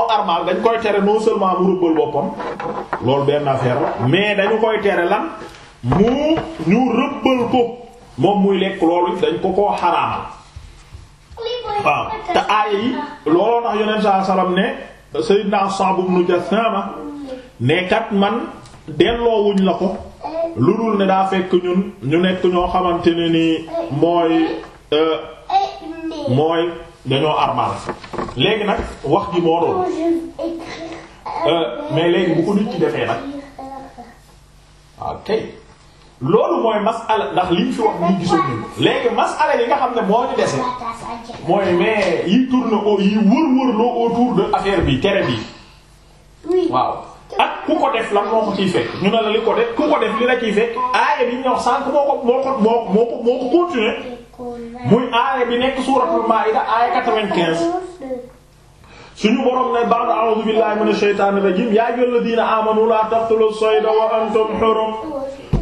moo armal dañ koy tere non seulement mu rëbbal boppam loolu benn affaire la mais dañu koy tere lan mu ñu rëbbal ko moom muy lekk loolu dañ ko koo xaraamal waaw te aaya yi looloo tax yonent saa salaam ne Sayyidna Sa'b ibn Jassama ne kat man delloowuñ la ko lu dul ne daa fekk ñun ñu nekk ñoo xamante ne ni mooy euh, eh, mooy dañoo armal léegi nag wax ji moo euh, mais léegi bu ko nit ci defee nag waaw ah, loolu mooy masala ndax liñ fi wax ñu gisoon nga xam ne moo ñu dese mooy mais yi tourne au yi wër-wër loo autour de affaire bi tere bi waaw ak ku ko def lan moo ko ciy fekk ñu ne la li ko def ku ko def li la ciy fekk aaya bi ñu wax sànq moo ko moo ko moo ko moo ko continuer muy aaya bi nekk suuratul Maa'ida aaya quatre quinze suñu borom ne ba'd a'udhu billahi minash shaytanir rajim ya ayyuhalladhina amanu la taqtulu sayda wa antum hurum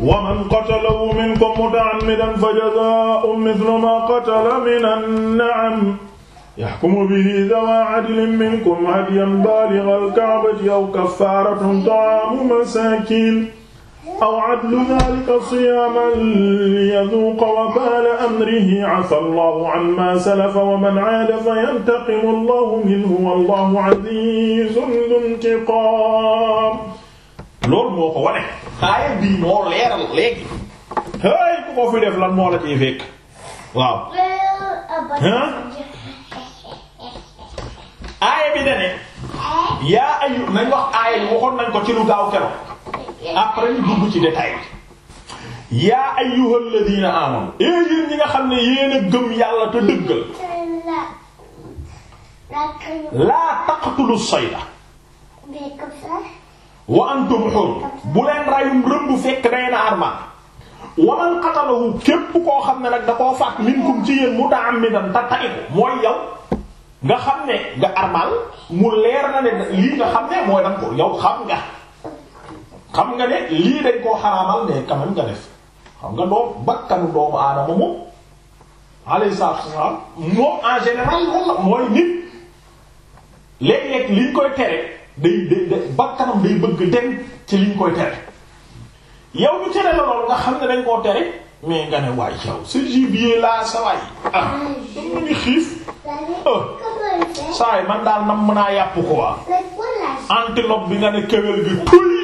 wa man qatalahu minkum muta'ammidan fajaza'un mithlu ma qatala minan na'am yahkumu bihi dhawa 'adlin minkum hadyan baligha al-ka'bati aw kaffaratun ta'amu masakin aw adlu dhalika siyaman liyadhuqa wabala amrihi afa allahu amma salafa wa man aada fayantaqimu allahu minhu wallahu azizun dhuntiqam loolu moo ko wane aaya bii moo leeral léegi hey ku ko fi def lan moo la ciy fekk waaw aaya bi dane eh? yaa ayu nañ wax aaya bi waxoon nañ ko ci lu gaaw keroog après ñu dugg ci yaa ayyuhal ladina amanu ee yéen ñi nga xam ne yéen yàlla te dëggal laa taqtulu sayda wa antum hur bu leen rayum rëmb fekk day na arma waman qatalahu képp koo xam ne nag da minkum ci yéen muta'ammidan te tay ko mooy yow nga xam ne mu leer na ne lii nga xam mooy danga ko yow xam nga xam nga ne lii dañ koo xaraamal ne quand nga def xam nga doom bakkanu doomu aadama moom alayhi salaatu wasalaam moom la mooy saa ah, oh, man daal nam mën naa yàpp ko waa antilope bi nga ne kéwél bi tuy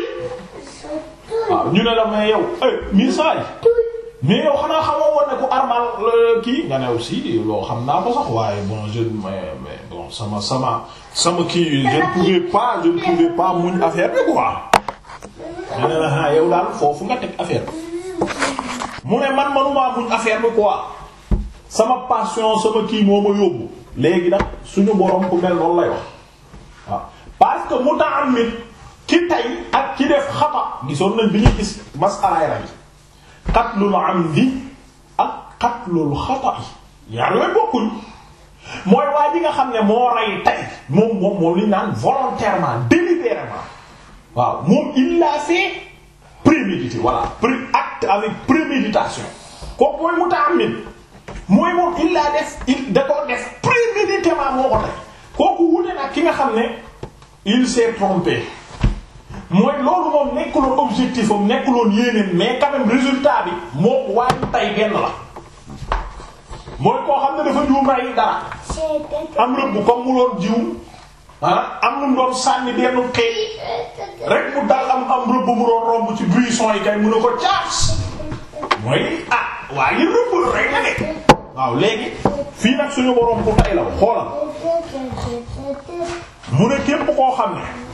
waaw ñu ne la mais yow eh, ay message mais xanaa xamoo woon ne ku armal euh, kii nga ne aussi loo xam naa ko sax waaye bon je mais bon sama sama sama kii je ne pouvais pas je ne pas ah, nga teg affaire mu ne man manumaa muñ affaire bi quoi sama passion sama kii moo ma yóbbu léegi nag suñu borom ku mel noonu lay wax waaw mu taam ci tay ak ci def xata gisoon nañ bi ñuy gis masalaay rey xatlul amdi ak xatlul xata yi yaa yooyu bokkuñ mooy waa ji nga xam ne moo rey tay moom moom moom li naan volontairement prémédité voilà pré acte avec préméditation kooku mooy mutaammin mooy moom il l'a def il da ko def préméditément moo ko tey kooku wute nag ki nga xam ne il s'est trompé mooy loolu moom nekkuloon objectif am nekkuloon yéeneem mais quand même résultat bi moo waayu tay benn la mooy koo xam ne dafa juum rey dara am rëbb comme mu doon jiw ah am lu mu doon sànni benn xeey rek mu romb ci buisson yi kay mun a ko caas mooy ah waa yi rëbb rek na de waaw léegi fii nag suñu borom ku tay la xoolal mu ne képp koo xam ne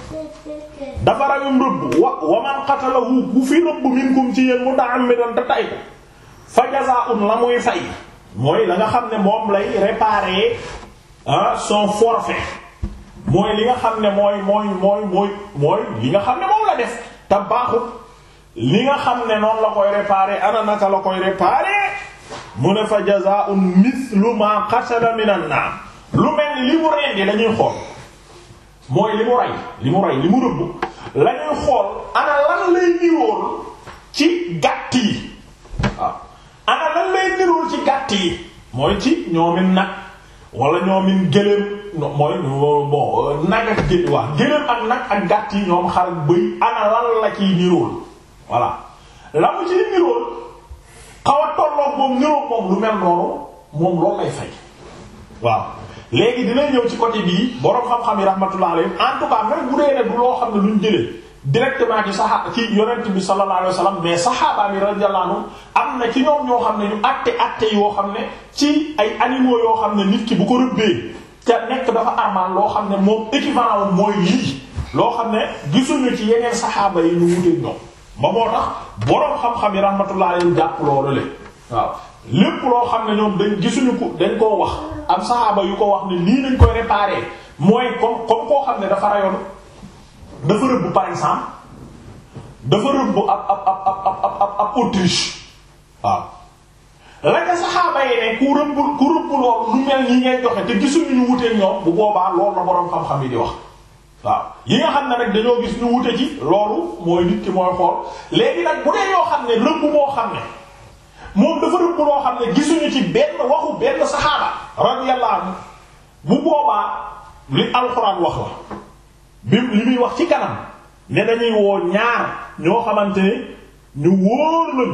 dafa rayum rëbb wa wa man qatalahu bu fi rëbb minkum ci yéen muta'ammidan te tay ko fa jazaa'un la muy fay mooy la nga xam ne moom lay réparer ah, son forfait mooy li nga xam ne mooy mooy mooy mooy mooy li nga xam ne moom la def te li nga xam ne noonu la koy réparer ana naka la koy réparer mu ne fa jazaa'un mithlu ma qatala minan naam lu mel li mu rendi dañuy xool mooy li mu rey li mu rey li mu rëbb la xool ana lay nirool ci gàtt yi waaw lay nirool ci gàtt yi mooy ci ñoomin nag wala ñoomin gëléem mooy nag ak gé ak nag ak gàtt yi ñoom xar bëy ana la ciy nirool voilà la ciy nirool xaw a moom niroog moom lu mel noonu moom loolu lay fay waaw léegi dina ñëw ci côté bii borom xam-xam yi rahmatullah alayhi en tout cas bu dee ne du loo xam ne luñ jëlee directement ci saxaaba ci yonent bi sallallahu alayhi wasallam mais saxaaba mi radiyallahu anhu am na ci ñoom ñoo xam ne ñu àtte àtte xam ne ci ay animaux yoo xam ne nit ki bu ko rëbbee te nekk dafa armal loo xam ne moom équivalent mooy lii loo xam ne gisuñu ci yeneen saxaaba yi ñu wuteeg ñoom ba moo tax borom xam-xam yi rahmatullah alayhi jàpp loolu le waaw. lépp loo xam ne ñoom dañ gisuñu ko dañ koo wax am saxaaba yu ko wax ne nii lañ koy réparer mooy comme comme koo xam ne dafa rayoon dafa rëbb par exemple dafa rëbb ab ab ab ab ab ab Autriche waaw la nga saxaaba yi ne ku rëbb ku rëbb loolu lu mel nii ngay joxe te gisuñu ñu wutee ñoom bu boobaa loolu la boroom xam-xam yi di wax. waaw yi nga xam ne rek dañoo gis ñu wute ci loolu mooy nit ki mooy xool léegi nag bu dee yoo xam ne rëbb moo xam ne. moom dafa rëbb loo xam ne gisuñu ci benn waxu benn saxaaba radiyallahu anhu bu boobaa li alxuraan wax la bi li muy wax ci kanam ne dañuy woo ñaar ñoo xamante ne ñu wóor lañ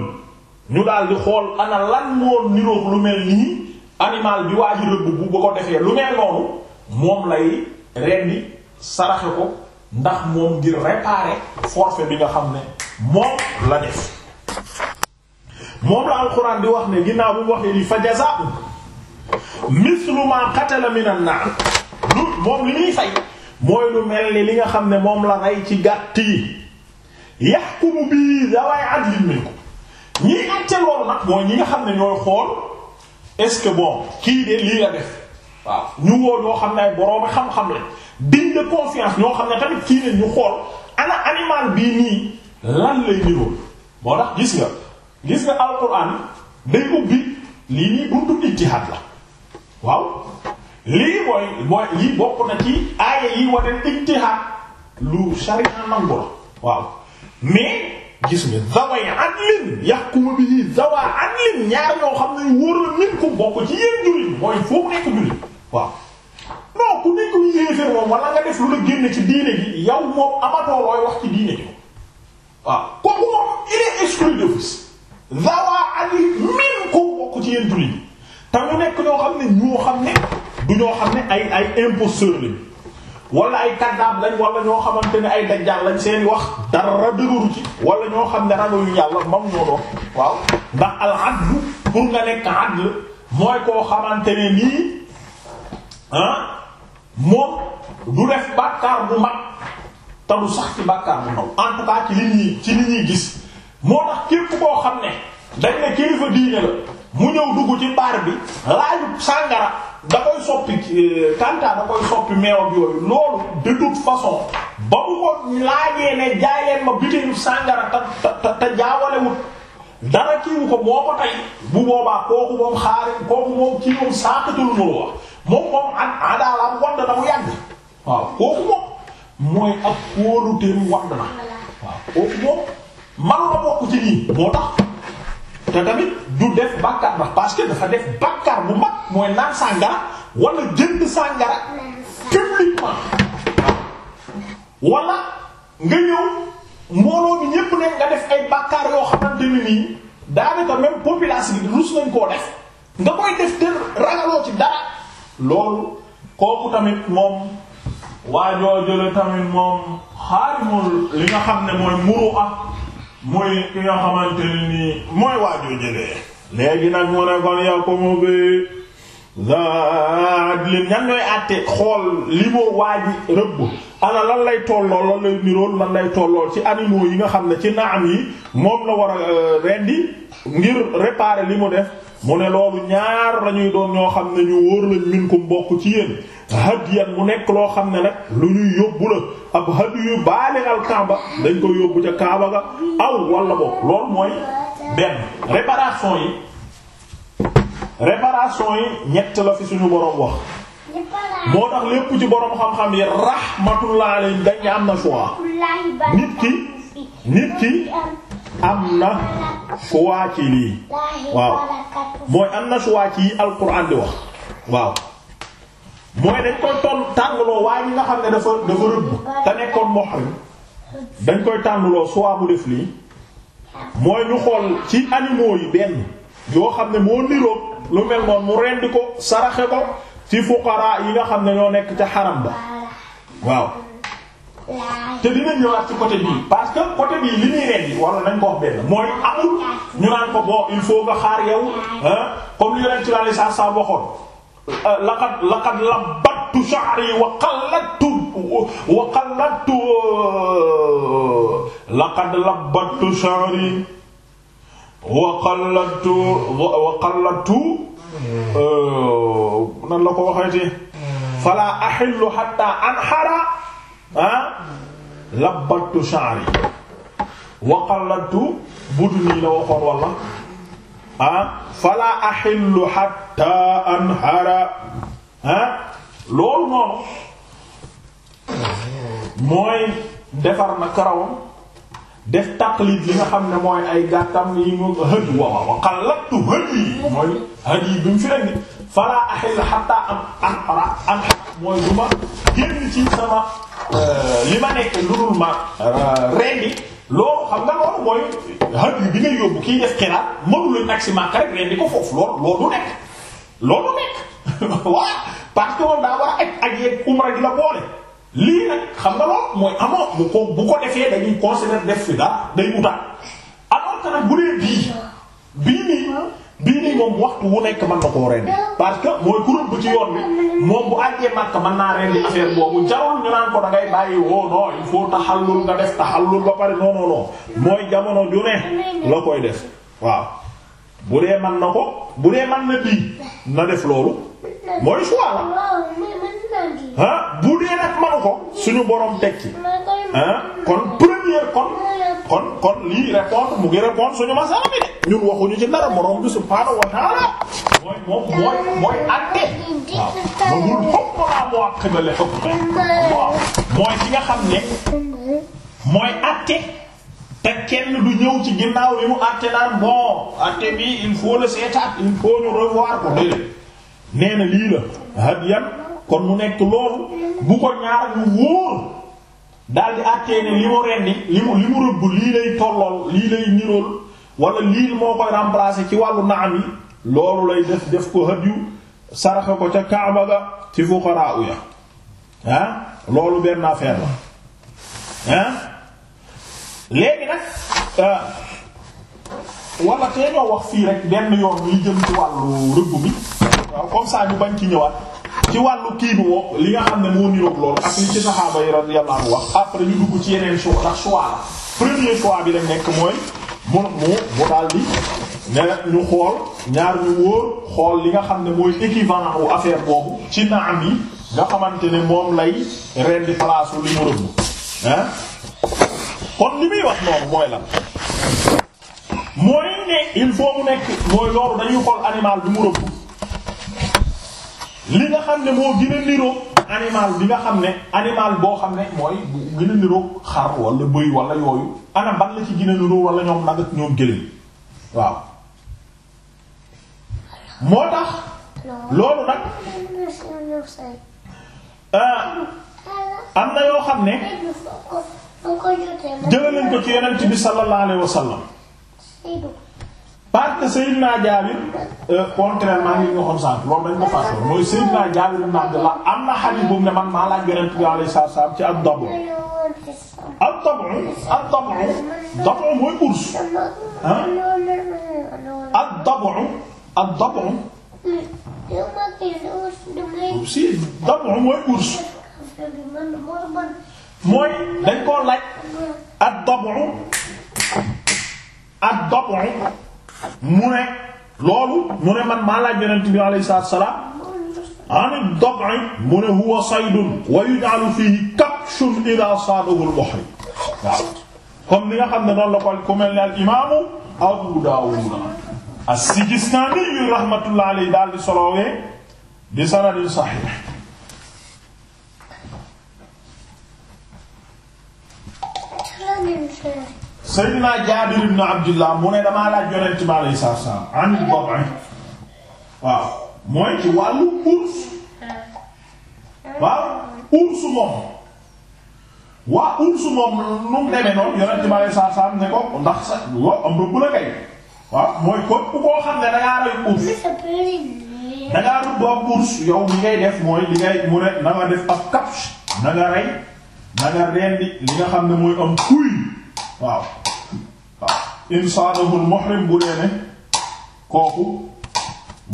ñu daal di xool ana lan moo niroog lu mel nii animal bi waa ji rëbb bu ba ko defee lu mel noonu moom lay rendi saraxe ko ndax moom ngir réparer forfait bi nga xam ne moom la def moom la alxuraan di wax ne ginnaaw bu waxee lii fa jazaa'u mislu ma qatala minan naar lu moom li ñuy fay mooy lu mel ni li nga xam ne moom la rey ci gàtt yi yahkumu bi zaway adlin minkum ñiy àtte loolu nag mooy ñi nga xam ne ñooy xool est-ce que bon kii de lii la def waaw ñu woo ñoo xam ne ay boroomi xam-xam la digne de confiance ñoo xam ne tamit kii de ñu xool ana animal bii nii lan lay niroo moo tax gis nga. gis nga alquran day ubbi lii nii buntu ijtihaad la waaw lii mooy mooy lii bokk na ci aaya yi wane ijtihaad lu sharia nangu la waaw mais gis nga zaway adlin yahkumu bihi zawa adlin ñaar ñoo xam ne wóor la min ku bokk ci yéen jullit mooy foofu nekk jullit waaw non ku nekk ñu yéeféer moom nga def lu la génn ci diine gi yow moom amatoo looy wax ci diine gi waaw kooku moom il est exclu zawa adlin minkum bokk ci yéen jullit te mu nekk ñoo xam ne ñoo xam ne du ñoo xam ne ay ay imposteur lañ wala ay kaddaab lañ wala ñoo xamante ne ay dajjaal lañ seen wax dara dëgëru ci wala ñoo xam ne ragaluñ yàlla mam ñoo doon waaw ndax al adlu pour nga nekk adl mooy koo xamante ne nii ah moom du def bàkkaar bu mag te sax ci bàkkaar bu ndaw en tout ci li ñuy ci li gis moo tax képp koo xam ne dañ ne kilifa diine la mu ñëw dugg ci baar bi laajut sàngara da koy soppi kanta euh, da koy soppi meew yooyu loolu de façon ba mu ko laajee ne jaayeen ma bitéelu sàngara te te te jaawalewut dara kiiwu ko moo ko tey bu boobaa kooku moom xaari kooku moom kii moom saakatul mur wax moom moom adaalaam wadd na mu yàgg waaw kooku moom mooy ak kóoluteem wadd na waaw kooku moom man la bokk ci nii moo tax te tamit du def bàkkaar ba parce que dafa def bàkkaar bu mag mooy naan sàngara wala jënd sàngara publiquement wala nga ñëw mbooloo bi ñépp ne nga def ay bàkkaar yoo xamante nii daanaka même population bi rus nañ koo def nga koy def te ragaloo ci dara loolu kooku tamit moom waa joo jële tamit moom xaarimul li nga xam ne mooy muru ah muy ki xamante ne nii mooy waajoo jëlee léegi nag mu ne kon yow comme bi zaadlin ñan ñooy àtte xool li moo waaji rëbb ana lan lay tollool lan lay nirool lan lay tollool ci animaux yi nga xam ne ci naam yi moom la war a euh, rendi ngir réparer li mu def mu ne loolu ñaar lañuy doon ñoo xam ne ñu wóor lañ min ko mbokk ci yéen hadiyan mu nekk loo xam ne nag lu ñuy yóbbu la ab hadiyu baaligal Kaaba dañ ko yóbbu ca Kaaba ga aw wala boog loolu mooy benn réparation yi ñett la fi suñu boroom wax moo tax lépp ci boroom xam-xam yi rahmatullah alayhi dañ am na choix nit ki nit ki am na choix ci lii waaw mooy am na choix ci yi alquran di wax waaw mooy dañ koy toll tàngaloo waaye ñi nga xam ne dafa dafa rëbb te nekkoon muhrim dañ koy tàngaloo soit mu def lii mooy ñu xool ci animaux yi benn yoo xam ne moo niroog lu mel noonu mu rend ko saraxe ko ci fuqara yi nga xam ne ñoo nekk ca xaram ba waaw te dina ñëwaat ci côté bii parce que côté bii li ñuy rendi wala nañ ko benn mooy amul ñu naan ko bon il faut nga xaar yow comme li yonent ci lali sa sa waxoon Euh, laqad laqad labbattu sha'ri wa qallattu wa qallattu euh, laqad labbattu sha'ri wa qallattu wa qallattu euh, nan la ko waxeeti fala ahillu hatta anhara ah, labbattu sha'ri wa qallattu budni la waxoon walla ah fala axillu xatta anhara ah loolu mooy defar na karawam def taqlid li nga xam ne mooy ay gàttam yi mu hëj wa wa qallattu hëj mooy hëj yi mu fi indi fala axillu xatta anhara anhara mooy du ma génn ci sama euh, li ma nekk lu dul ma euh, rendi loolu xam nga loolu mooy hadiyu bi ngay yóbbu kii def xiraat mënu lañ agsi Makka rek leen di ko foofu loolu loolu du nekk loolu du nekk voilà parce que moom daa war a aj aj yeeg boole lii nag xam nga loolu mooy amoo bu ko bu ko defee dañuy considérer def fi daal day utaat alors que nag bu dee bii bii nii ah. bii nii moom waxtu wu nekk man na koo rendi parce que mooy kuréel bu ci yoon bi moom bu àggee Makka mën naa rendi affaire boobu jarul ñu naan ko da ngay bàyyi woo non il faut taxallul nga def taxallul ba pare non non non mooy jamono ju ne la koy def waaw bu dee mën na ko bu dee mën na bii na def loolu. mooy choix la ah bu dee nag manu ko suñu borom tekki ah kon première kon kon kon lii répondre mu ngi répondre suñu masala bi de ñun waxuñu ci dara borom bi subhaanahu wa moo mooy ci nga xam ne mooy àtte te kenn du ñëw ci ginnaaw li mu àtte naan bon àtte bi il faut le seetaat il faut ñu revoir ko déedéet nee na lii la hadiyan kon mu nekk loolu bu ko ñaar mu wóor daal àttee ne li mu rendi li mu li mu rëbb lii lay tollool lii lay nirool wala lii moo ci wàllu naam yi loolu lay def def ko hadiyu saraxa ko ca Kaaba ga ci fuqaraa ya loolu benn affaire la ah nag euh, wala tee ñoo wax fii rek benn yoon yi jëm ci wàllu rëbb bi jeexal comme ça ñu bañ ci ñëwaat ci wàllu kii bi woo li nga xam ne moo niroog loolu ak li ci saxaaba yi radiyallahu anhu wax après ñu dugg ci yeneen choix ndax choix la premier choix bi lañ nekk mooy mu mu mu daal di ne ñu xool ñaar ñu wóor xool li nga xam ne mooy équivalent wu affaire boobu ci naam yi nga xamante ne moom lay rendi place li mu rëbb ah kon li muy wax noonu mooy la mooy ne il faut mu nekk mooy loolu dañuy xool animal bi mu rëbb li nga xam ne moo gën a niroog bi nga xam ne animal boo xam ne mooy bu gën a niroog xar wala bëy wala yooyu ana ban la ci gën a niroog wala ñoom nag ak ñoom gëléem waaw moo tax loolu nag ah, am na yoo xam ne jëlaleen ko ci yonent bi sallallahu alayhi wasallam parce que Seydina Jaabir euh, contrairement li ñu waxoon sànq loolu dañ ko fàtte mooy Seydina Jaabir ibn Abdullah am na hadith boobu ne man maa laaj Yonent bi alayhi salaam ci ad-dabu ad-dabu ad-dabu mooy ours ah ad-dabu dabu mooy ours mooy dañ koo laaj ad-dabu ad-dabu mu ne loolu mu ne man maa laaj yonent bi alayhi salaatu wa salaam ani dab'i mu ne huwa saydun wa yuj'alu fihi kabshun idha saadahu al-muhrim waaw comme ni nga xam ne noonu la ko ku mel ne al imaamu Abu Daawud as-Sijistaani rahmatullahi alayhi daal di solowee bi sanadin sahih Seydina Jaabir ibn Abdullah mu ne damaa laaj yonent bi alayhi salaam anil dab'i waaw mooy ci wàllu urs waaw urs moom waa urs moom nu mu demee noonu yonent ne ko ndax sa loo am rëbb la kay waaw mooy képp koo xam ne da rey urs da ngaa rëbb urs yow li ngay def mooy li ngay mu ne na def ab kapsh na rey na rendi li nga xam ne mooy am kuy waaw insaanahu muhrim bu dee ne kooku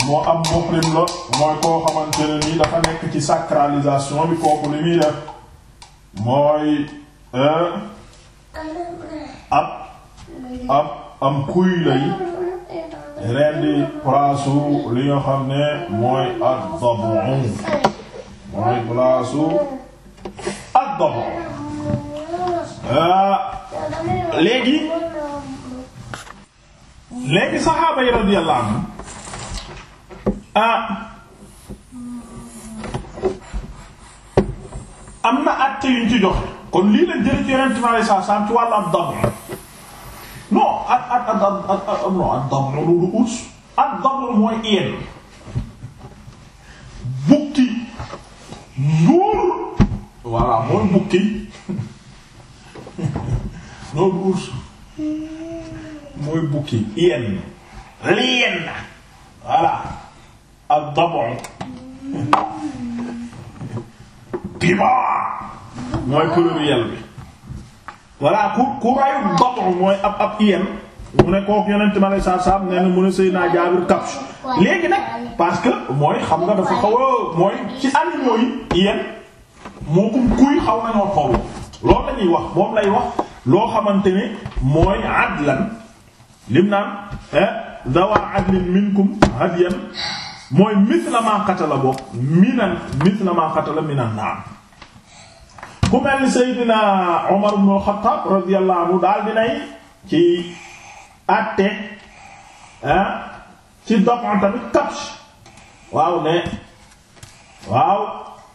moo am muhrim la mooy koo xamante ne nii dafa nekk ci sacralisation bi kooku li muy def mooy euh, ab ab am kuy lay rendi palaasu li nga xam ne mooy ad-dab'u mooy palaasu ad-dab'u euh, léegi léegi saxaaba yi radiyallahu anhum ah am na acte yuñ ci joxe kon lii lañ jël ci Yonent bi alayhi salaatu salaam ci wàllu ab dam non ak ak ak ak bukki nduur voilà mooy bukki loolu ut mooy bukki yenn li yenn voilà ak dabon pima mooy pluriel bi voilà ku ku rayu dabon mooy ab ab yenn mu ne kooku yonent ma lay saab-saab nee mu ne Seydina Jaabir kapsh léegi nag parce que mooy xam nga dafa xaw mooy ci animaux yi yenn moo ko kuy xaw nañoo xaw loolu lañuy wax moom lay wax loo xamante ne mooy adlan lim naan eh, dawa adlin minkum hadiyan mooy mithla ma qatala boo minan mithla ma qatala minan naam ku mel ni Seydina Omar ibn Khattab radiyallahu anhu daal dinay ci àtte eh, ci doxoon tamit kapsh waaw ne waaw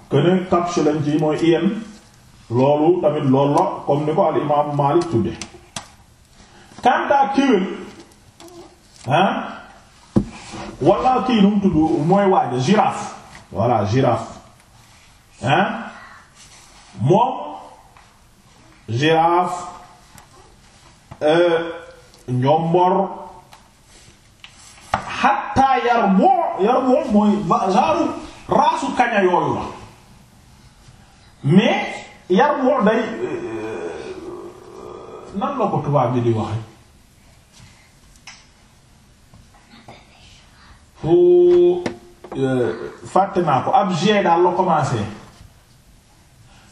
keneen kapsh lañ ci mooy iyeen loolu tamit loolu la comme ni ko al imaamu Maalik tudde kanta kiwel ah wala kii nu mu tudd mooy waaja girafe voilà girafe ah moom girafe ñombor euh, xatta yar boo mooy genre raasu kaña yooyu la mais yar boo day euh, nan tubaab bi di waxe bu euh, fàtte naa ko ab G daal la commencé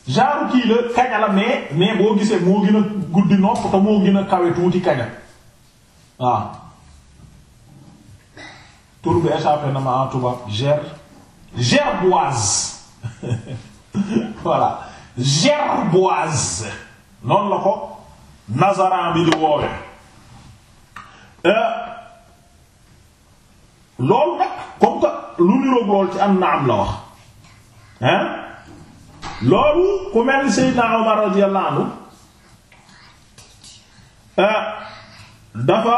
genre kii la kaña la mais mais boo gisee moo gën a guddi nopp te moo gën a kawe tuuti kaña waaw tur bi échappé na ma en tubaab ger gerboise voilà gerboise noonu la ko nazaran bi di woowe euh, loolu nag comme que lu niroog lool ci am na am la wax hein loolu ku mel Seydina Omar radiyallahu anhu eh, dafa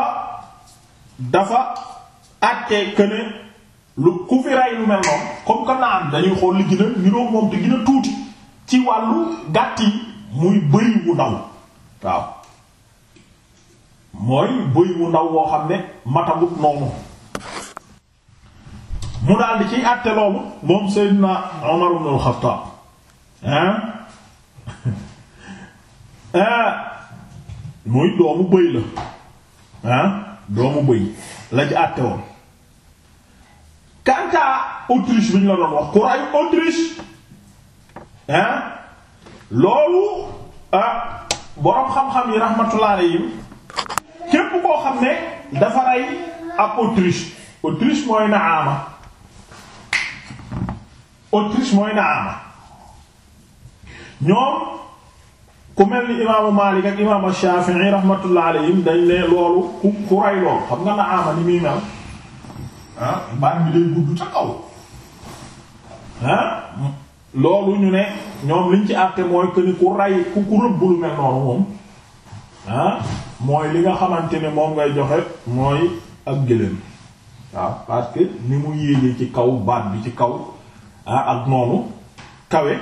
dafa àttee këne lu ku fi rey lu mel noonu comme que na dañuy xool li gën niroog moom di gën tuuti ci wàllu gàtt yi muy bëy wu ndaw waaw mooy bëy wu ndaw woo xam ne matagut noonu mu daal di ciy àtte loolu moom Seydina Omar ibn al-Khattab ah muy doomu bëy la ah doomu bëy la ci àtte woon kantaa Autriche bi ñu la doon wax kuray Autriche ah loolu ah boroom xam-xam yi rahmatullah képp koo xam ne dafa rey ab Autriche Autriche mooy na ama Autriche mooy Naama ñoom ku mel ni imaamu Maalik ak imaamu Shaafi'i rahmatullah alayhim dañ ne loolu ku ku rey loolu xam nga Naama ni muy mel ah, baat bi day gudd ca kaw ah, loolu ñu ne ñoom liñ ci àtte mooy que ku rëbb lu mel noonu moom ah, mooy li nga xamante ne moom ngay joxe mooy ak gëléem waaw parce que ni mu yéegee ci kaw baat bi ci kaw. ah ak noonu kawe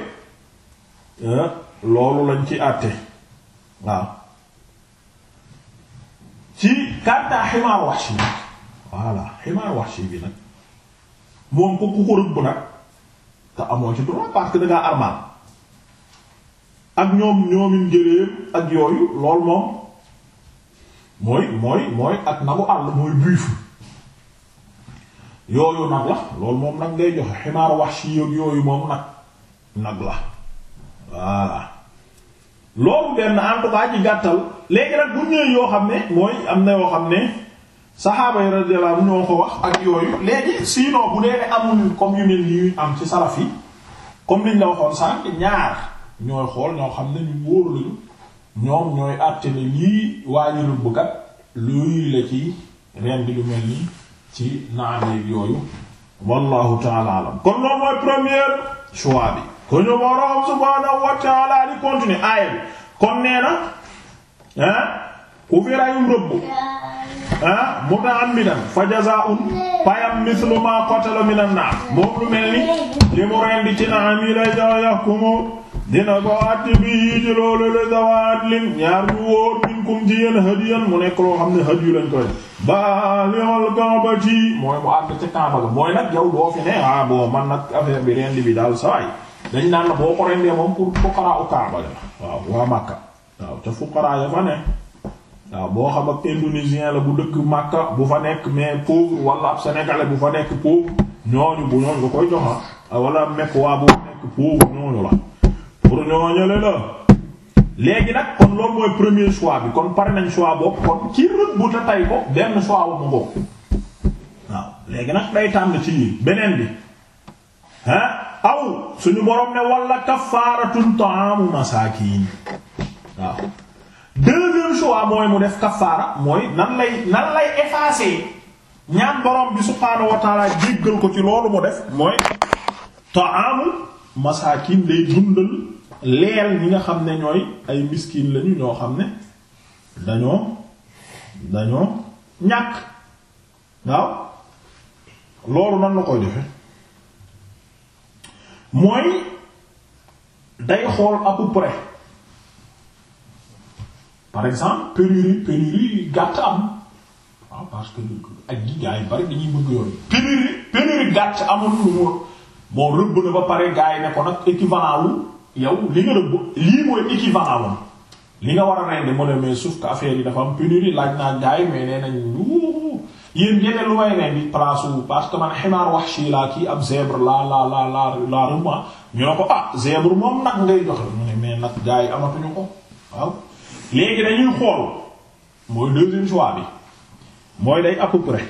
eh, loolu lañ ci àtte waaw ci kàttaa ximaar wax si nag voilà ximaar wax si bi nag moom ko ku ko rëbb nag te amoo ci droit parce que dangaa armal ak ñoom ñoomin jëlee ak yooyu lool moom mooy mooy mooy ak nagu àll mooy buy fu yooyu nag la loolu moom nag ngay joxe ximaar wax si yooyu moom nag nag la voilà loolu benn en tout cas ci gàttal léegi nag bu ñëwee yoo xam ne mooy am na yoo xam ne saxaaba yi radiyallahu ñoo ko wax ak yooyu léegi sinon bu dee amul comme yu am ci salaf yi comme niñ la waxoon sànq ñaar ñooy xool ñoo xam ne ñu wóor lañu ñoom ñooy àtte lii waaye lu bëgg luy la ci ren di lu mel nii. ci naan yooyu wallahu taala mooy premier choix bi ko ñu boroom subhaanahu wa taala di continuer aaya bi na ah ku fi rayum rëbb muta'ammidan fa jazaa'un payam mithlu ma qatala minan naam moom lu li mu rendi ci dina ko àtte bi yii ci loolu la dawaat lim ñaar ñu wóor minkum ci yéen hadiyan mu nekk loo xam ne hadiyu lañ koy baalixal kamba ne ah man nag affaire bi rendi bi daal sawaay dañ naan la boo ko rendee moom pour fuqaraa u la waaw waa Makka waaw ca fuqaraa ya fa ne waaw boo xam ak indonésien la bu dëkk Makka bu fa nekk mais pauvre wala ab sénégalais bu fa nekk pauvre ñooñu bu ñooñu nga koy joxa ah. wala mekk waa bu nekk pauvre ñooñu la ñooñale la léegi nag kon loolu mooy premier choix bi kon pare nañ choix boobu kon ci rëbb bu ta tay ko benn choix wu mu bokk waaw léegi nag day tànn ci beneen bi ah aw suñu borom ne wala kafaaratun ta'amu masaakiin waaw deuxième mu def kafaara mooy nan lay ko ci loolu mu def mooy ta'amu masaakiin day dundal. leeral ñi nga xam ne ñooy ay miskin lañu ñoo xam ne dañoo dañoo ñàkk waaw loolu nan na koy defe mooy day xool à peu par exemple pénurie pénurie gàtt am waaw ah, parce que ak gi gaa yi bari dañuy bëgg yooyu pénurie pénurie gàtt amul lu mu rëbb na ba pare gaa yi ne ko nag équivalent wu yow li nga la lii mooy équivalent li nga war a rendi mu ne mais sauf que affaire yi dafa am pénurie laaj naa gaay mais nee nañ lu yéen ñeneen lu may rendi place parce que man ximaar wahshi laa kii ab zèbre laa laa laa laa laa ah. ko ah zèbre moom nag ngay nag gaay amatuñu ko waaw léegi dañuy xool mooy deuxième choix bi mooy day à peu près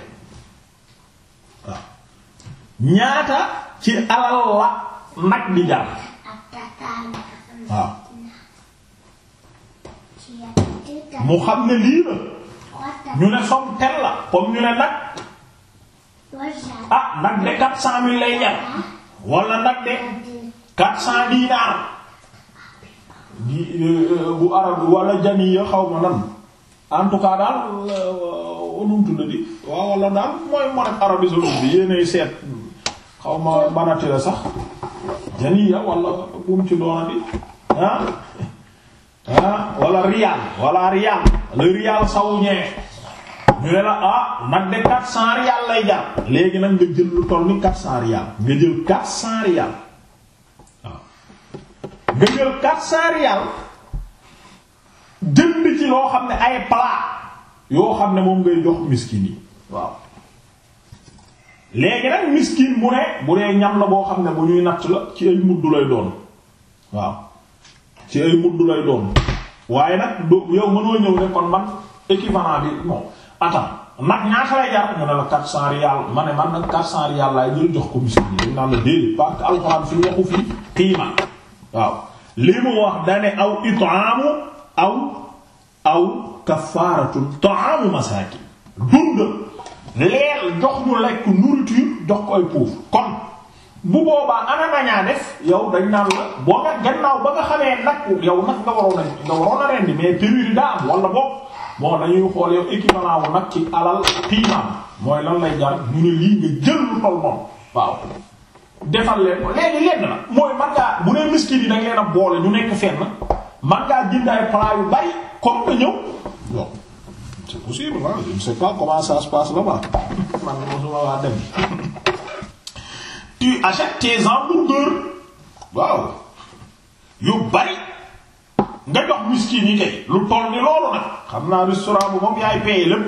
ñaata ci alal la nag di jar waaw mu xam ne lii la ñu ne somme telle la comme ñu ne nag ah nag de quatre cent mille lay ñaar wala nag de quatre cent dinaar euh, bu arab wala jani xaw ma lan en tout cas daal onumtu euh, di waaw wala daal mooy mo ak Arabie saoudite bi yéenay seet xaw ma banati la sax jani ya wala bu mu ci doona di ah ah wala rial wala rial le rial saoudien ñu ne la ah nag de quatre cent rial lay jar léegi nag nga jël toll ni quatre cent rial nga jël quatre cent rial jël quatre ci loo xam ne ay plat yoo xam ne moom ngay jox miskin yi waaw léegi nag miskin bu ne bu dee ñam la boo xam ne bu ñuy natt la ci ay mudd lay doon waaw ci ay mudd lay doon waaye nag yow mënoo ñëw ne kon man équivalent bi bon attends nag ñaata lay jar mu ne la 400 riyal ma ne man nag 400 riyal laay jox ko miskin yi naan la déedéet parce que fi waxu fi qiima waaw li mu wax dane aw it'aamu aw aw kafaaratun ta'aamu masaakin dund leel jox ñu lekk nourriture jox ko ay pauvre kon bu boobaa ana nañaa def yow dañ naan la boo nga gannaaw ba nga xamee nag yow nag nga waroon a nga mais pénurie daa am wala boog moo dañuy xool yow équivalent nag ci alal qiimaam mooy lan lay jar ñu ne lii nga jël lu toll waaw. defal leen ko léegi lenn la mooy man bu dee miskin yi da boole ñu nekk fenn man ngaa jënd ay plat yu bari comme nga ñëw bon possible ah je pas comment ça se passe man mosuma waa dem. tu achètes tes hamburgers waaw yu bari nga jox miskin yi kay lu toll ni loolu nag xam naa restaurant moom yaay paye lépp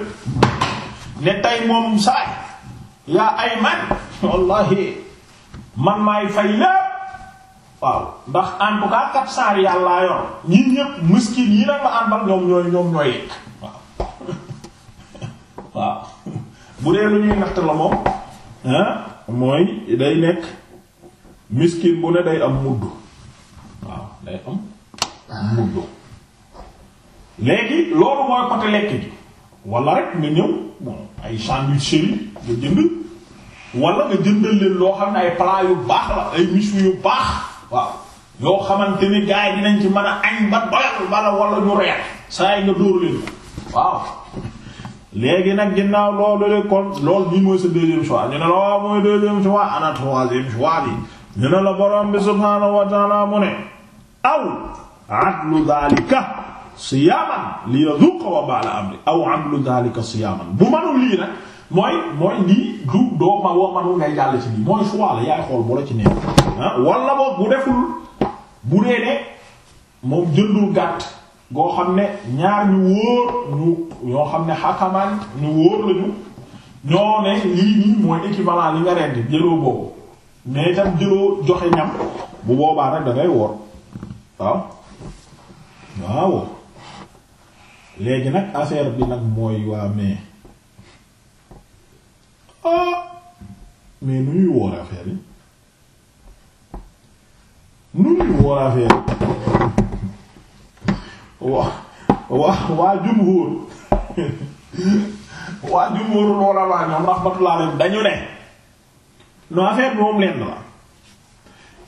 ne tey moom saay yaa ay man wallahi man maay fay lépp waaw ndax en tout cas quatre cent rial laa miskin yi nag ma àndal ñoom ñooy ñoom ñooy lekk waaw bu dee lu ñuy natt la moom hein mooy day nekk miskin bu ne day am mudd waaw day am mudd léegi loolu mooy côté lekk gi wala rek nga ñëw bon ay sandwicherie nga jënd wala nga jëndal leen loo xam ne ay palaa yu baax la ay misu yu baax waaw yoo xamante ni gars yi dinañ ci mën a añ ba doyal bala wala ñu reer saa yi nga dóor leen waaw léegi nag ginnaaw loolu le kon loolu bii mooy sa deuxième choix ñu ne la waaw mooy deuxième choix ana troisième choix bi ñu ne la borom bi subhaanahu wa ta'ala mu ne aw adlu dhalika siyaaman li siyaaman bu yaay xool bu ci neex ah wala boog bu deful ne moom jëndul gàtt goo xam ne ñaar ñu wóor ñu ñoo xam ne xakamaan ñu wóor lañu ñoo ne lii nii mooy équivalent li nga rendi jëloo boobu mais itam jëloo joxe ñam bu boobaa nag da ngay waaw waaw léegi nag affaire bi nag mooy waa mais ah mais nu ñuy woor affaire yi nu ñuy woor affaire yi wa wa waa jumhur waa jumhurul ulama ñoom rahmatullah dañu ne no affaire bi moom lenn la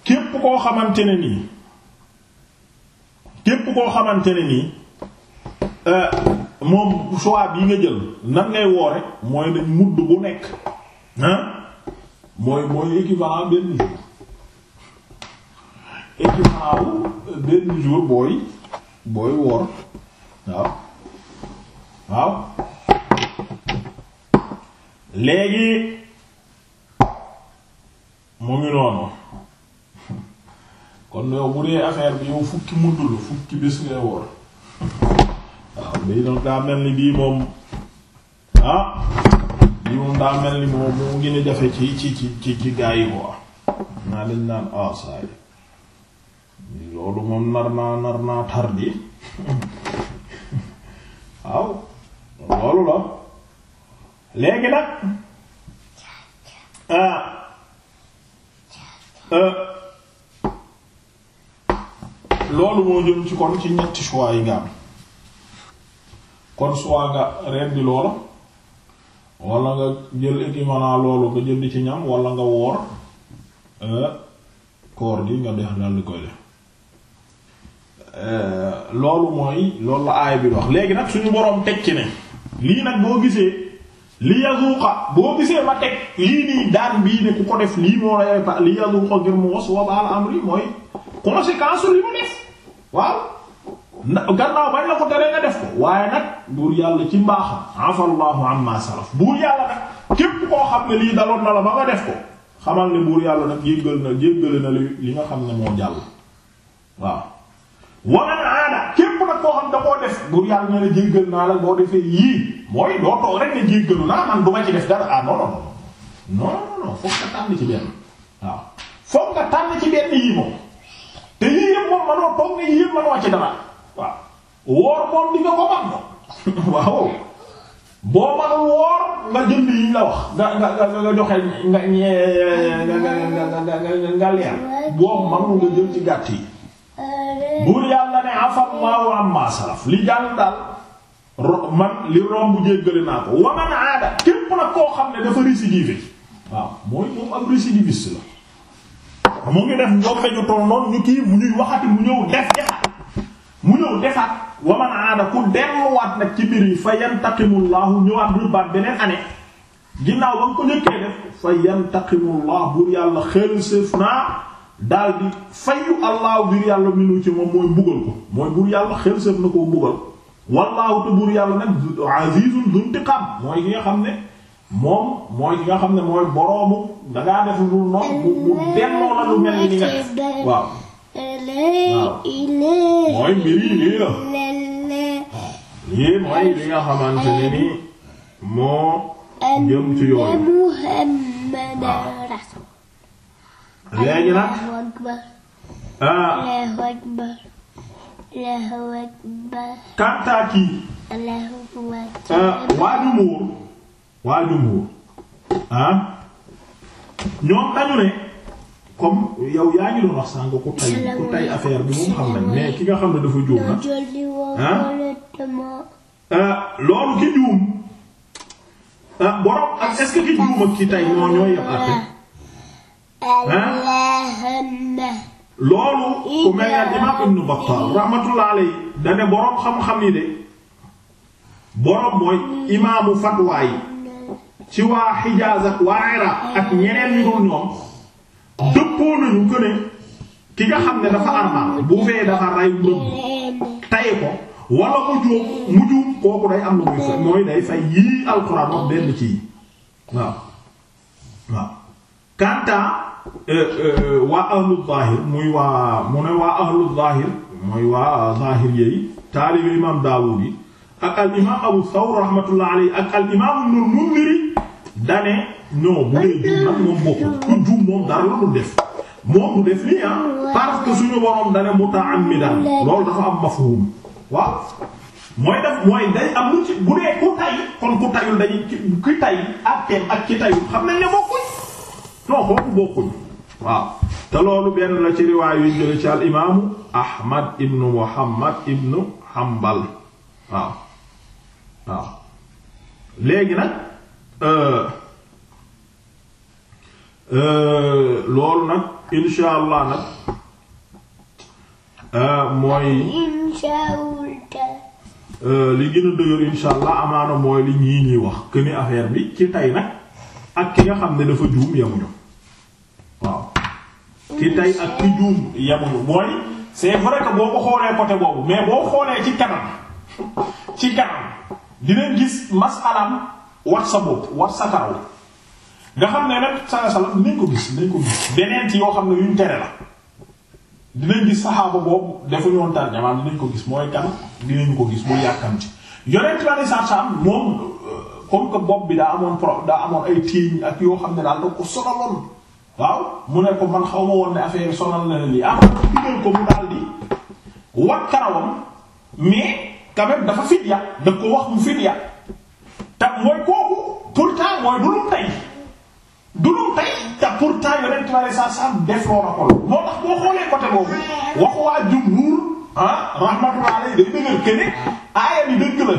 képp koo xamante ne nii képp koo xamante ne nii euh, moom choix yi nga jël nan ngay woore mooy ne mudd bu nekk ah mooy mooy équivalent benn jour équivalent benn jour booy booy woor waaw waaw léegi mu ngi noonu kon yow bu dee affaire bi yow fukki mudd fukki bés ngay woor waaw bii nag daa mel ni bii moom ah bii moom daa mel ni moom mu ngi ne jafe ci ci ci ci gaa yi quoi naa leen naan ah loolu moom nar naa nar naa tardi waaw loolu la léegi nag ah, ah, loolu moo jëm ci kon ci ñetti choix yi nga kon soit nga rendi loola wala nga jël équivalent loolu nga jël di ci ñam wala nga woor eh, koor gi nga dex dal di koy def Euh, loolu mooy loolu la aaya bi wax léegi nag suñu boroom teg ci ne lii nag boo gisee li yazuuqa boo gisee ma teg lii nii daan bii ne ku ko def lii moo lay ba li yazuuqa ngir mu was wa baal amri mooy conséquence li mu def waaw gannaaw bañ la ko teree nga def ko waaye nag buur yàlla ci mbaaxam afallahu amma salaf buur yàlla nag képp koo xam ne lii daloon na la ba nga def ko xamal ne buur yàlla nag jéggal na jéggale na li li nga xam ne moo waman aada képp nag koo xam da koo def buur yàlla na la jéggal naa la boo defee yii mooy doo toog rek ne jéggalu naa man du ma ci def dara ah non non non non foog nga tànn ci benn waaw foog nga tànn ci benn yii moom te yii yëpp moom manoo toog ne yii yëpp manoo ci dara waaw woor moom di nga ko man moom waaw boo manul woor nga jënd yi la wax nga nga nga joxe nga ñee nga nga nga nga leer boo manul nga jël ci gàtt yi buur yàlla ne afallahu amma salaf li jàll daal man li romb jéggale naa ko waman aada képp nag koo xam ne dafa récidive waaw mooy moom am récidiviste la mu ngi def njombe ñu toll noonu kii mu ñuy waxati mu ñëw def defaat mu ñëw defaat waman aada ku delluwaat nag ci mbir yi fa yantaqimullahu ñëwaat rëbbaat beneen année ginnaaw ba ko njëkkee def fa yantaqimullah buur yàlla xel sëf naa daal di fayu allahu biir yàlla minu ci moom mooy mbugal ko mooy buur yàlla xel sëf na koo mbugal wallaahu te buur yàlla nag azizun duntiqam mooy ki nga xam ne moom mooy ki nga xam ne mooy boroomu dangaa def lu noonu bu bu delloo la lu mel ni mooy mbir yi lii la lii mooy moo jëm ci yooyu léegi nag ah. kantaa kii ah, waa jumuur waa ah. ñoom dañu ne comme yow yaa ngi doon wax sànq ku tay ku tay affaire bi moom xam nañ mais ki nga xam ne dafa juum na loolu ki juum ah ak est juum ak ki tay ñoo ñoo yem affaire loolu ku mel ne imaam Ibn Battal rahmatullah alayhi boroom xam-xam yi de boroom mooy imaamu fatwa yi ci waa Hijaaz waa Iraq ak ñeneen ñu dul ñoom dëppoo nañu ko ne ki nga xam ne dafa armal bu fee dafa rey mbëb tay ko wala mu juum mu kooku day am na muy fay mooy day fay yii alxuraan wax benn ci yi waaw waaw kanta Euh, euh, waa ahlu zahir muy waa mu ne waa ahlu zahir mooy waa zahir yeey taalibe imaam Daawud yi ak al imaam Abu Thawr rahmatullah alayhi ak al imaam Ibnul Mundiri dane non bu dee jum nag moom bokkul ku jum moom dara la du def moom du def lii ah parce que suñu borom dane muta'ammidan loolu dafa am mafhum waaw mooy def mooy day am lu ci bu dee ku tay kon ku tayul dañuy ki tay ak teem ak ci tayul xam nañ ne bokkul non kooku bokkuñu waaw te loolu benn la ci riwaay yu jële ci al imaamu ahmad ibnu muhammad ibnu hambal waaw waaw léegi nag euh, euh, loolu nag insha allah nag euh, mooy li gën a dëgër insha allah amaana mooy li ñii ñuy wax këni affaire bi ci tey nag ak ki nga xam ne dafa juum yamuñu waaw ki tey ak ki juum yemuñu mooy c'est vrai boo ko xoolee côté boobu mais boo xoolee ci kanam ci kanam dinañ gis masalam wax sa bopp wax sa karaw nga xam ne nag sa salam nañ ko gis beneen ci yoo xam ne yuñ tere la dinañ gis saxaaba boobu defu ñoon tar jamaan dinañ ko gis mooy kanam dinañ ko gis muy yàkkam euh, ci que bopp bi daa amoon pro daa amoon ay tiiñ yoo xam ne daal da ko sonaloon waaw mu ne ko man xaw ma woon ne affaire sonal na leen lii ah digal ko mu daal di wat karawam mais quand même dafa fidya da ko wax mu fidya te mooy kooku pourtant mooy du lu tey du lu tey te pourtant yore tubaab sa sànq def loo na ko la moo tax boo xoolee côté boobu waxu waa jumhur ah rahmatullahi alayhi day dëggal keneen aaya bi dëgg la.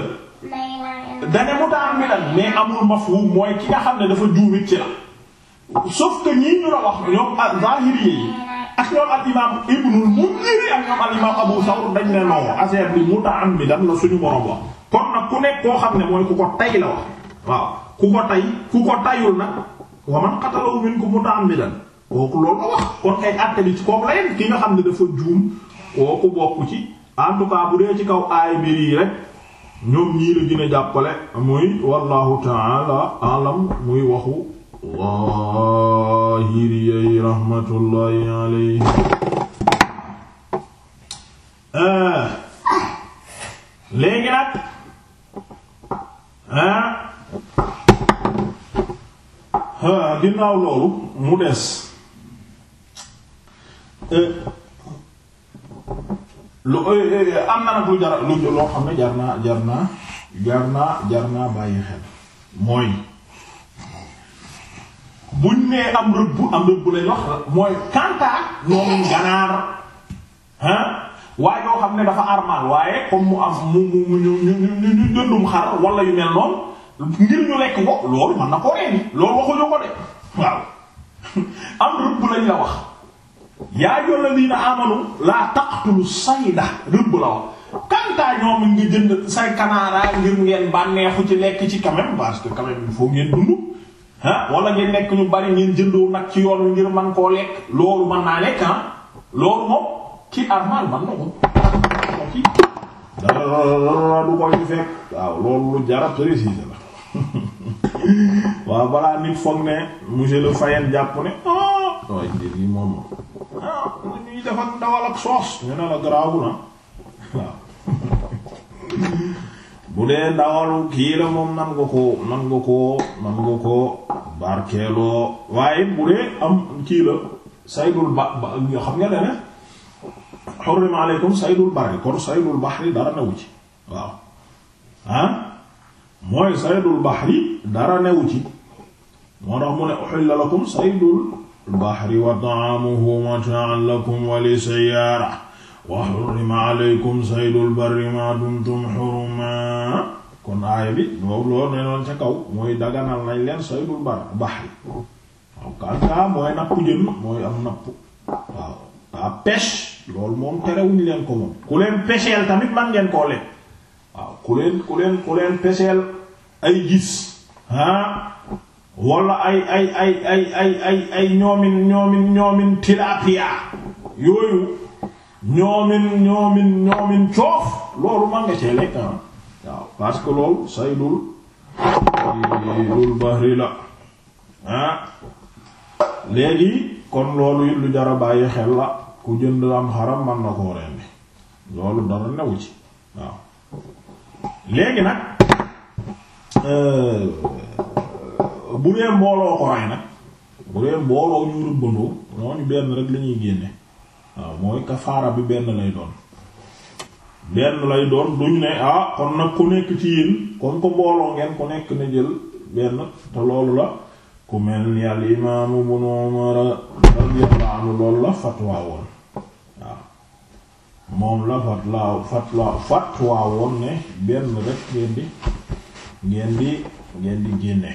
dane mu daal mi lan mais amul mafhum mooy ki nga xam ne dafa juumit ci la. sauf que ñii ñu la wax ñoom zahiri yi ak ñoom al imaam Ibnul Munzir ak ñoom Abu Thawr dañ ne non affaire bi muta'ammidan la suñu borom wax kon nag ku nekk koo xam ne mooy ku ko tay la wax waaw ku ko tay ku ko tayul nag wa man qatalahu minkum muta'ammidan kooku loolu la wax kon ay àtte bi ci kooku la yem ki nga xam ne dafa juum kooku bokk ci en tout cas bu dee ci kaw aay mbir yi rek ñoom ñii la jàppale muy wallahu ta'ala alam muy waxu. Zaahiriyyi raxmatullaahi alayhi eh. léegi nag eh. Eh, ginnaaw loolu mu des lu am na nag lu jar loo xam ne jar naa jar naa jar naa bàyyi xel mooy nee am rëbb am rëbb lañ wax mooy kantaa noonu ganaar ah waaye yoo xam ne dafa armal waaye comme mu am mu mu mu ñu ñu ñu ñu dëndum xar wala yu mel noonu ngir ñu lekk ko loolu mën na koo reeni loolu waxuñu ko de waaw am rëbb lañ la wax yaa ayyuhal ladina amanu laa taqtulu sayda rëbb la wax kantaa ñoom nga jënd say kanaaraa ngir ngeen bànneexu ci lekk ci quand même parce que quand même ngeen dund ah wala ngeen nekk ñu bari ngeen jëndoo nag ci yoon wi ngir man koo lekk loolu mën naa lekk ah loolu moom kii dara du koy fekk waaw loolu lu jara le Fayenne jàpp ah, soos ñu ne la garaawu na bu dee ndawalu kii moom man nga koo man nga koo man nga koo barkeeloo waaye bu dee am kii la saydul ba ba yoo xam nga ne ne xurrim aleykum saydul barri kon saydul baxri dara newu ci waaw ah mooy baxri dara newu ci moo tax mu ne uhilla lakum saydul baxri wa ta'amuhu mata'an lakum wa li sayyara wa xurrima aleykum saydul barri ma dumtum xuruma kon aaya bi wow loolu ne noon ca kaw mooy daganal nañ leen saydul bar baxri waaw kantaa mooy napp jën mooy am napp waaw taa pêche loolu moom terewuñ leen ko moom ku leen pêcheel tamit man ngeen koo leen waaw ku leen ku leen ku ay gis ah wala ay ay ay ay ay ay ñoomin ñoomin ñoomin tilapia yooyu ñoomin ñoomin ñoomin coof loolu man nga lekk ah waaw parce que loolu saydul saydul bahri la ah léegi kon loolu it lu jar a bàyyi xel la ku jënd am xaram man na koo rendi loolu dara newu ci waaw léegi nag euh, bu dee mbooloo ko rey nag bu dee mbooloo ñu rëbbandoo ñooñu benn rek lañuy génne waaw mooy kafaara bi benn lay doon benn lay doon duñ ne ah kon nag ku nekk ci yéen kon ko mbooloo ngeen ku nekk na jël benn te loolu la ku mel ni al imaam ibn Umar radiyallahu anhu loolu la fatwa woon waaw moom la fatwa fatwa fatwa woon ne benn rek ngeen di ngeen di ngeen di génne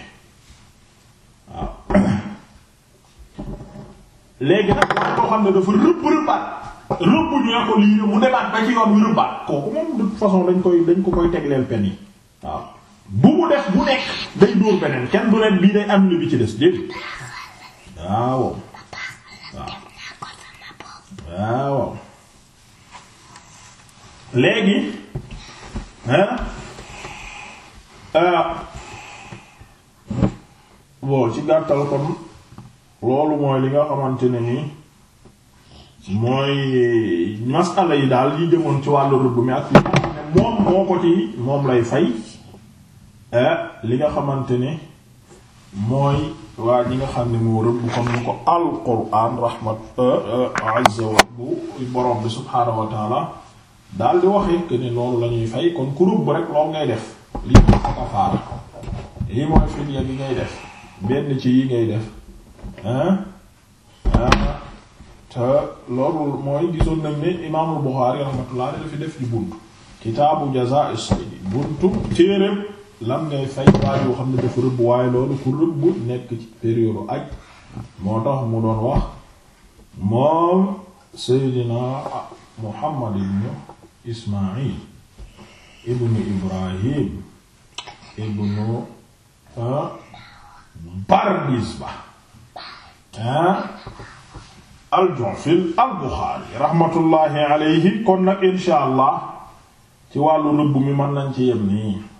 léegi nag waaye koo xam ne dafa rëbb rëbbaat rëbb ñu ne ko lii mu demaat ba ci yoon wi rëbbaat kooku moom de façon dañ koy dañ ko koy tegleel pen yi waaw bu mu def bu nekk day dóor beneen kenn du leen bii day am lu bi ci des dégg waaw waaw léegi hein euh, bon ci gàttal kon loolu mooy li nga xamante ne nii mooy masala yi daal yi jëmoon ci wàllu rëbb mi ak moom moo ko ci moom lay fay eh, li nga xamante ne mooy waa ñi nga xam ne moo rëbb comme ni ko al quraan rahmat eh, eh, azza bu borom bi subhaanahu wa taala di wax it ne loolu la ñuy fay kon ku rëbb rek loolu ngay def lii mooy kafaara lii bi ngay def benn ci yi ngay def ah te loolu mooy gisoon nañ ne imaamul Buxaari rahmatullah dafa def ci buntu kitaabu jazaa'i saydi buntu téereem lan ngay fay waajoo xam ne dafa rëbb waaye loolu ku rëbb nekk ci période aj moo tax mu doon wax moom Seydina Muhammad ibnu Ismaayil ibnu Ibrahim ibnu Bardisba al-Ju'fil al-Buxaari raxmatullaahi alayhi kon nag insha allah ci wàllu rëbb mi mën nañ ci yem nii